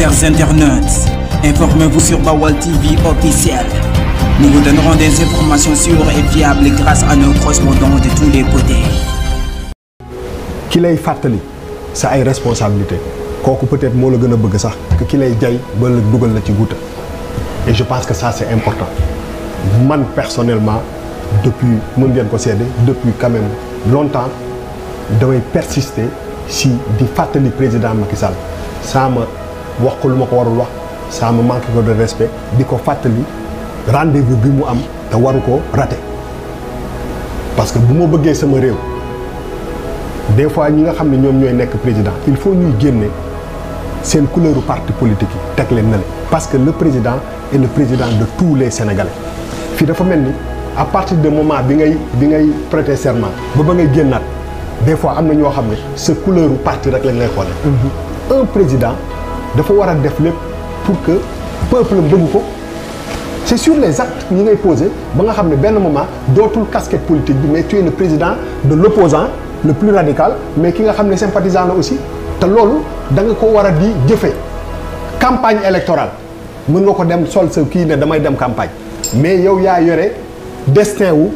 chers internautes, informez-vous sur Bawal TV officiel. Nous vous donnerons des informations sûres et fiables grâce à nos correspondants de tous les côtés. Qu'il ait fait, c'est une responsabilité kooku peut-être moi le gën a bëgg sax que ki ait une ba la ne la ci et je pense que ça c'est important Moi, personnellement depuis mon bien ko depuis quand même longtemps damay persister si di fàttali président Macky Sall me wax ko lu ko warul wax ça me manque de respect diko fatali rendez-vous bi mu am te waru ko raté parce que bu ma sama réew des fois ñi nga xam ne ñoom ñooy président il faut ñuy sen couleur du parti politique tek leen na parce que le président est le président de tous les sénégalais fi dafa melni à partir de moment bi ngay bi ngay prêter serment bu ba ngay génnaat des fois amna ñoo xam ce couleur du parti rek lañ lay xoolee. Mhm. un président. Il faut a def lépp pour que peuple am bëgg ko sur les actes yi ngay posé ba nga xam ne benn moment dootul casquette politique bi mais tu es le président de l'opposant le plus radical mais ki nga xam ne sympathisant aussi te loolu da nga ko dire, a di jëfee campagne électorale mën nga ko dem sol sa kii ne damay dem campagne mais yow yaa yore destin wu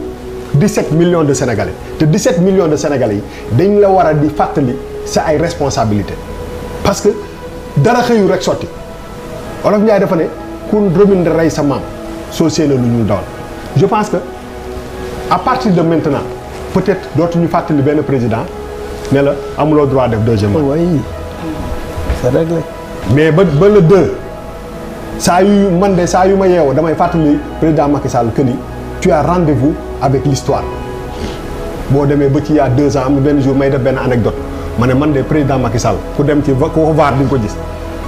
17 millions de sénégalais te 17 millions de sénégalais yi dañ la war a di fàttali sa ay responsabilité parce que dara xeyu rek sotti olof Ndiaye dafa ne ku de ray sa mam soo séenee lu ñu dawal je pense que à partir de maintenant peut-être ñu fatali ben président ne la amulo droit def deuxième mandat. oui c'est réglé. mais ba ba le deux ça yu man dé ça yu ma yéw damay fatali président Macky Sall que ni tu as rendez-vous avec l'histoire bo demee ba ci ya 2 deux ans am benn jour may def ben anecdote ma man de président Macky Sall ku dem ci ku ko vaar di ko gis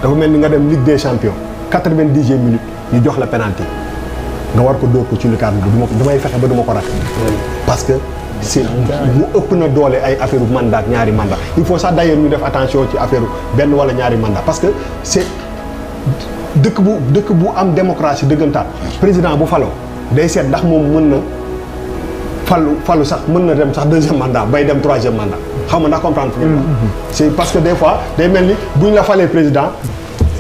dafa melni nga dem Ligue des champions 90 vingt minute ñu jox la penalty nga war ko dóor ko ci lukaat bi du ma damay ba du ko rat parce que c'est mu ëpp na doole ay affaire mandat ñaari mandat il faut ça d'ailleurs ñu def attention ci affaire ben wala ñaari mandat parce que c'est dëkk bu dëkk bu am démocratie dëggantaan président bu faloo day sét ndax moom mën na fallu fallu sax mën na dem sax deuxième mandat bay dem troisième mandat xam nga ndax comprendre nga. Mm-hmm. c'est parce que des fois day melni buñ la falee président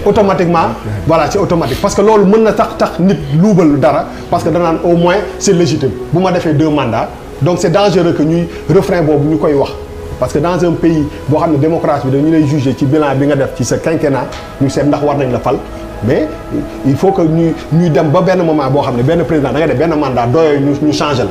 automatiquement voilà c'est automatique parce que lolu mën na tax tax nit luubal dara parce que danaan au moins c'est légitime buma défé deux mandats donc c'est dangereux que ñuy refrain boobu ñu wax. parce que dans un pays bo xamné démocratie bi dañu lay juger ci bilan bi nga def ci ce quinquennat ñu seet ndax war nañ la fal mais il faut que ñuy ñuy dem ba ben moment bo xamné ben président da nga def ben mandat doyoo ñu ñu changer la.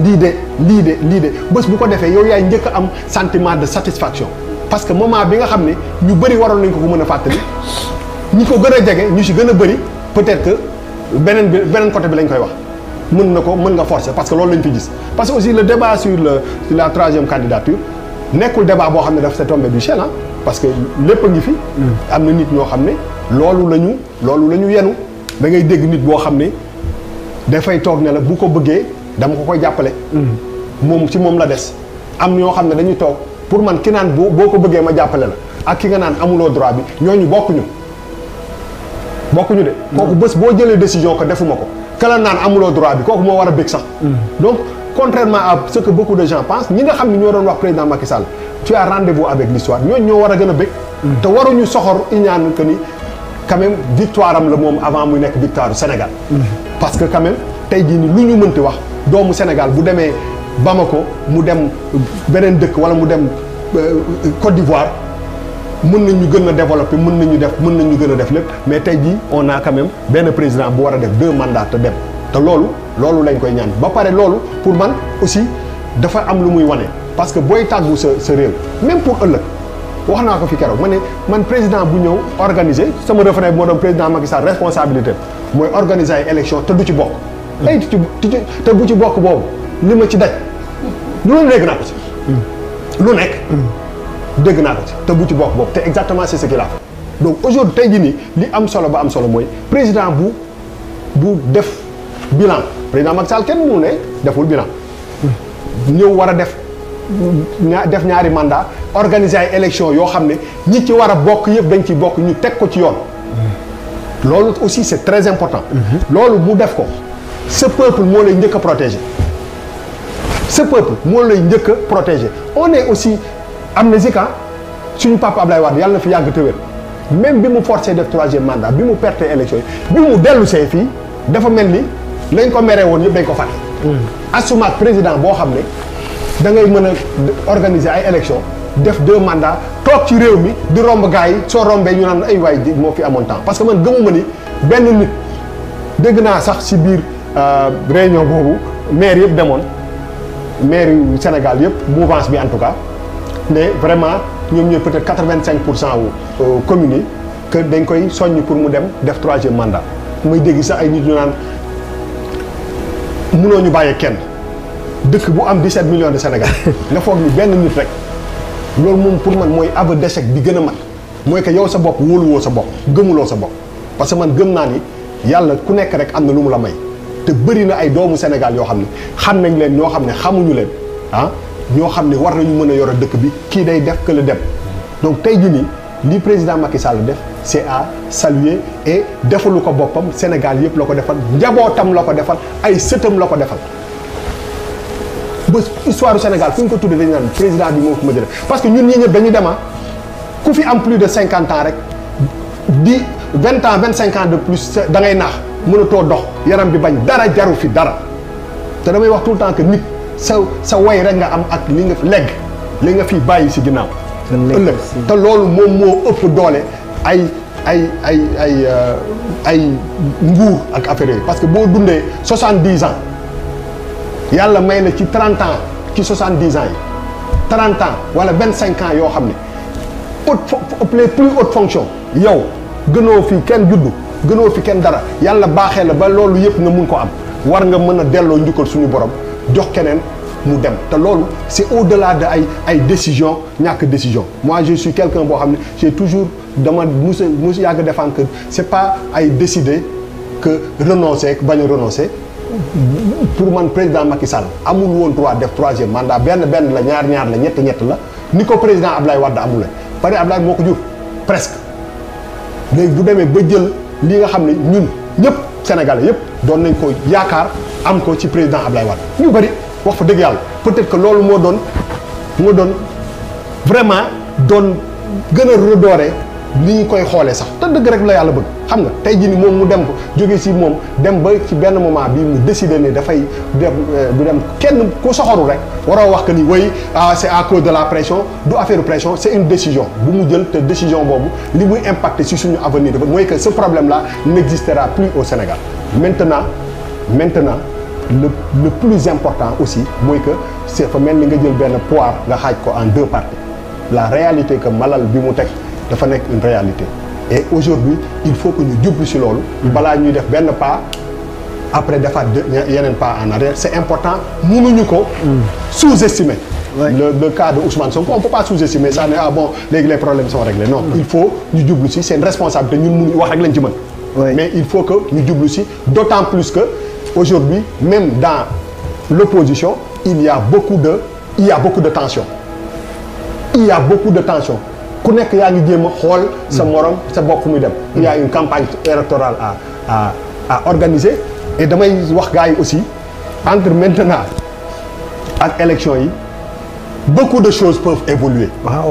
lii de lii de lii de bés bu ko défé yow yaay ñëk am sentiment de satisfaction parce que moment bi nga xamné ñu bëri waron nañ ko ko mëna fatali ñi ko gëna a ñu ci gëna bëri peut-être que benen bi côté bi lañ koy wax mën ko mën nga forcer parce que loolu lañ fi gis parce que aussi le débat sur le sur la troisième candidature nekul débat boo xam ne daf tombé du ciel hein? parce que lépp a ngi fi. Mm. am na nit ñoo xam ne loolu lañu loolu lañu yenu da ngay dégg nit boo xam ne dafay toog ne la bu ko bëggee dama ko koy jàppale. mom mm-hmm. ci mom la dess am ño xam ne dañuy toog pour man ki naan boko boo ma jappalé la ak ki nga naan amulo droit bi ñoñu bokku ñu bokku ñu dé koku bëss bo jëlé décision ko defuma kala naan amulo droit bi koku mo wara bëgg sax. Mm-hmm. donc contrairement à ce que beaucoup de gens pensent ñi nga xamni ne ñoo doon wax président Macky Sall tu as rendez-vous avec l'histoire ñooñu ñoo war a gën a bëgg. Mm-hmm. te waruñu soxor iñaan que ni quand même victoire am le mom avant muy nekk victoire Sénégal. parce que quand même tey jii nii lu ñu mënti wax doomu Sénégal bu demee Bamako mu dem beneen dëkk wala mu dem euh, Côte d'Ivoire mën nañu gën a développer mën nañu def mën nañu gën a def lépp mais tey jii on a quand même benn président bu war a def deux mandats te dem te loolu loolu lañ koy ñaan ba pare loolu pour man aussi dafa am lu muy wane parce que booy tàggu sa sa réew même pour ëllëg wax naa ko fi keroog ma ne man président bu ñëw organiser sama refrain bi moo doon président Macky Sall responsabilité mooy organiser ay élection te du ci bokk ay ci te bu ci bokk boobu li ma ci daj lu ne dégg naa ko ci lu nekk dégg naa ko ci te bu ci bokk boobu te exactement c'est ce qu'il a fait donc aujourd'hui tey jii nii li am solo ba am solo mooy président bu bu def bilan président Macky Sall kenn mu ne deful bilan ñëw war a def def ñaari mandat organiser ay élection yoo xam ne ñi ci war a bokk yëpp dañ ci bokk ñu teg ko ci yoon mm-hmm. loolu aussi c'est très important mm-hmm. loolu mu def ko ce peuple moo lay njëkk a protégé ce peuple moo lay njëkk a protégé on est aussi amnésique hein? suñu papa Ablaye Wade yàlla na fi yàgg te même bi mu forcé def troisième mandat bi mu perdre élection yi bi mu dellu see fii dafa mel ni lañ ko meree woon yëpp dañ ko hmm. président boo xam ne da ngay mën organiser ay élection def deux mandats tok ci réew mi di romb gaay yi rombé ñu nan ay waay mo fi amon temps parce que man gëmuma ni ben nit dégg na sax si bir Euh, réunion boobu maire yëpp demoon maire yu Sénégal yëpp mouvance bi en tout cas ne vraiment ñoom ñooy peut-être quatre-vingt-cinq pour cent wu euh, communes yi que dañ koy soññ pour mu dem def troisième mandat muy dégg sax ay nit ñu naan mënoo ñu bàyyee kenn dëkk bu am 17 million de Sénégal nga foog ni benn nit rek loolu moom pour man mooy aveu d'échec bi gën a mag mooy que yow sa bopp wóoluwoo sa bopp gëmuloo sa bopp parce que man gëm naa ni yàlla ku nekk rek am na lu mu la may. te bëri ay doomu Sénégal yoo xam ne xam leen ñoo xam ne xamuñu leen ah ñoo xam war nañu mën a dëkk bi kii day def le dem donc président Macky Sall def c'est à saluer et defalu ko boppam Sénégal yëpp la ko defal njabootam la defal ay sëtam la defal ba histoire du Sénégal fu ñu ko tuddee dañu président bi moo ko mën def parce que ñun ñii ñëpp dañu ah, ku fi am plus de 50 ans rek di ans 25 ans de plus da ngay naax a too dox yaram bi bañ dara jaru fi dara te damay wax tout le temps que nit sa woy way rek nga am ak li nga fi legg li nga fi bàyyi si ginnaaw ëllëg te loolu moom moo ëpp doole ay ay ay ay euh, ay nguur ak affaire yooyu parce que boo dundee soixante-dix ans yàlla may la ci trente ans ci soixante-dix ans yi wala vingt-cinq ans yoo xam ne haute les plus hautes yow gënoo fii kenn juddu gënoo fi kenn dara yàlla baaxee la ba loolu yëpp nga mun ko am war nga mën a delloo njukkal suñu borom jox keneen mu dem te loolu c'est au-delà de ay ay décision ñàkk décision moi je suis quelqu'un boo xam ne j'ai toujours dama mus a mus yàgg que c'est pas ay décider que renoncer bañ a renoncer pour man président Macky Sall amul woon droit def troisième mandat benn benn la ñaar ñaar la ñett ñett la ni ko président Ablaye Wade amul la pare Ablaye moo ko jur presque léegi bu demee ba jël li nga xam ne ñun ñëpp sénégalais yëpp doon nañ ko yaakaar am ko ci président lay Wade ñu bëri wax fa dëgg yàlla peut-être que loolu moo doon moo doon vraiment doon gën a redorer ni ñu koy xolé sax te deug rek la yalla bëgg xam nga tey jii ni moom mu dem ko jóge si moom dem ba ci ben moment bi mu décider ne da fay euh, du dem kenn ku soxoru rek waro wax que ni way ah c'est à cause de la pression du affaire pression c'est une décision bu mu jël te décision bobu li muy impacter sur suñu avenir moy que ce problème là n'existera plus au Sénégal maintenant maintenant le le plus important aussi moy que c'est fa mel ni nga jël ben poire nga xaj ko en deux parties la réalité que malal bi mu tek dafa une réalité et aujourd'hui il faut que nous jublu ci ne bala ñu def ben pas après yenen pas en arrière c'est important mënuñu ko sous-estimer Le, cas de Ousmane on ne peut pas sous-estimer ça. Mais, ah bon, les, problèmes sont réglés. Non, mm. il faut nous double aussi. C'est une responsabilité. Nous, nous, choses Mais il faut que nous double aussi. D'autant plus que aujourd'hui, même dans l'opposition, il y a beaucoup de, il y a beaucoup de tensions. Il y a beaucoup de tensions il y a une campagne électorale à organiser et demain, wax gars aussi entre maintenant et l'élection beaucoup de choses peuvent évoluer ah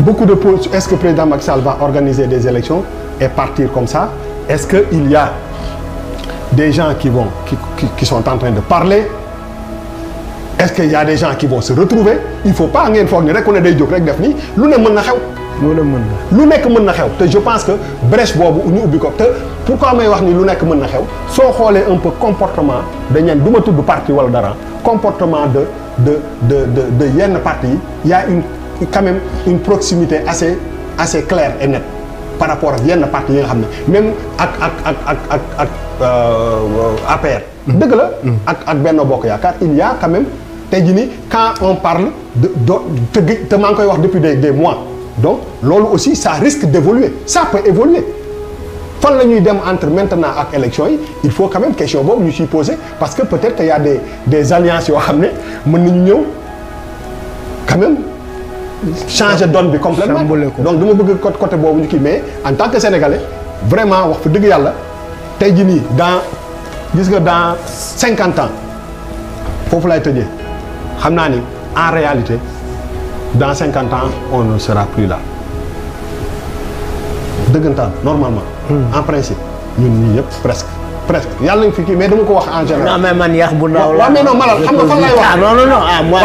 beaucoup de est-ce que président Maxal va organiser des élections et partir comme ça est-ce qu'il y a des gens qui vont qui sont en train de parler est-ce qu'il y a des gens qui vont se retrouver il faut pas reconnaître rek ce qui rek def lu ne je pense que brèche ñu pourquoi may wax un peu comportement de comportement de de de de de y a une quand même une proximité assez assez claire et nette par rapport à yenne partie même il y a quand même quand on parle de te te depuis des mois donc l'eau aussi ça risque d'évoluer ça peut évoluer Quand la entre maintenant et l'élection, il faut quand même question boobu ñu ciy poser parce que peut-être qu'il y a des alliances qui ont amené mais quand même changer donne complètement donc dama bëgg côté côté boobu ñu mais en tant que sénégalais vraiment wax fa dëgg dans 50 ans, dans faut ans foofu la en réalité dans 50 ans on ne sera plus là normalement. Hmm. en principe ñun presque. presque mais dama ko wax en général. non mais man ah, non non non ah, moi.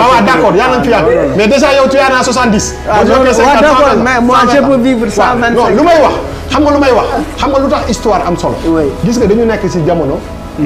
mais déjà tu es à 70. Ah, non mais moi je peux vivre 125 non wax xam nga wax. xam nga histoire am solo. dañu ci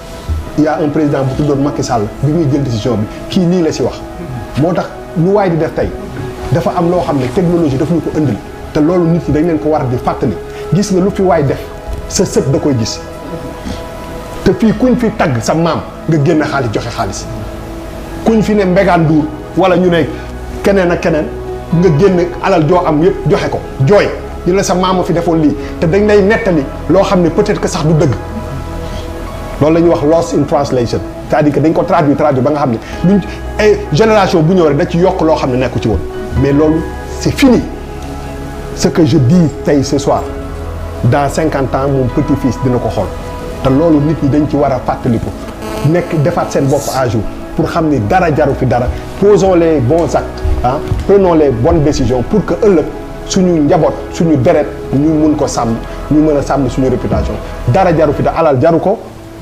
il y a un président bu tudon Macky Sall bi muy jël décision bi ki ni la ci wax motax tax lu waay di def tay dafa am lo xam ne technologie daf ñuko ko ëndil te loolu nit ñi dañ leen ko war di fatali gis nga lu fi way def sa sët da koy gis té fi kuñ fi tag sa mam nga genn xaalis joxe xaalis kuñ fi ne mbégan duur wala ñu ne keneen ak keneen nga genn alal joo am yépp joxe ko joy ñu ne sa mam fi defoon li té dañ lay netali lo xam peut-être que sax du dëgg loolu la wax in translation c'est-à-dire que dañ ko ba nga génération bu da ci ne mais c'est fini ce que je dis ce soir dans 50 ans mon petit-fils dina ko xool te loolu nit ñi dañ ci nekk à jour pour xam dara jaru fi dara les bons actes hein. prenons les bonnes décisions pour que ëllëg suñu njaboot suñu deret ñu mun ko sàmm ñu suñu réputation dara jaru fi alal jaru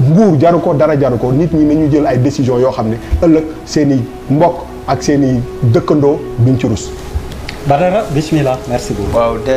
nguur jaru ko dara jaru ko nit ñi ñu jël ay décision yoo xam ne ëllëg seeni i mbokk ak seen i dëkkandoo duñ ci rus. Badara bismillah merci beaucoup.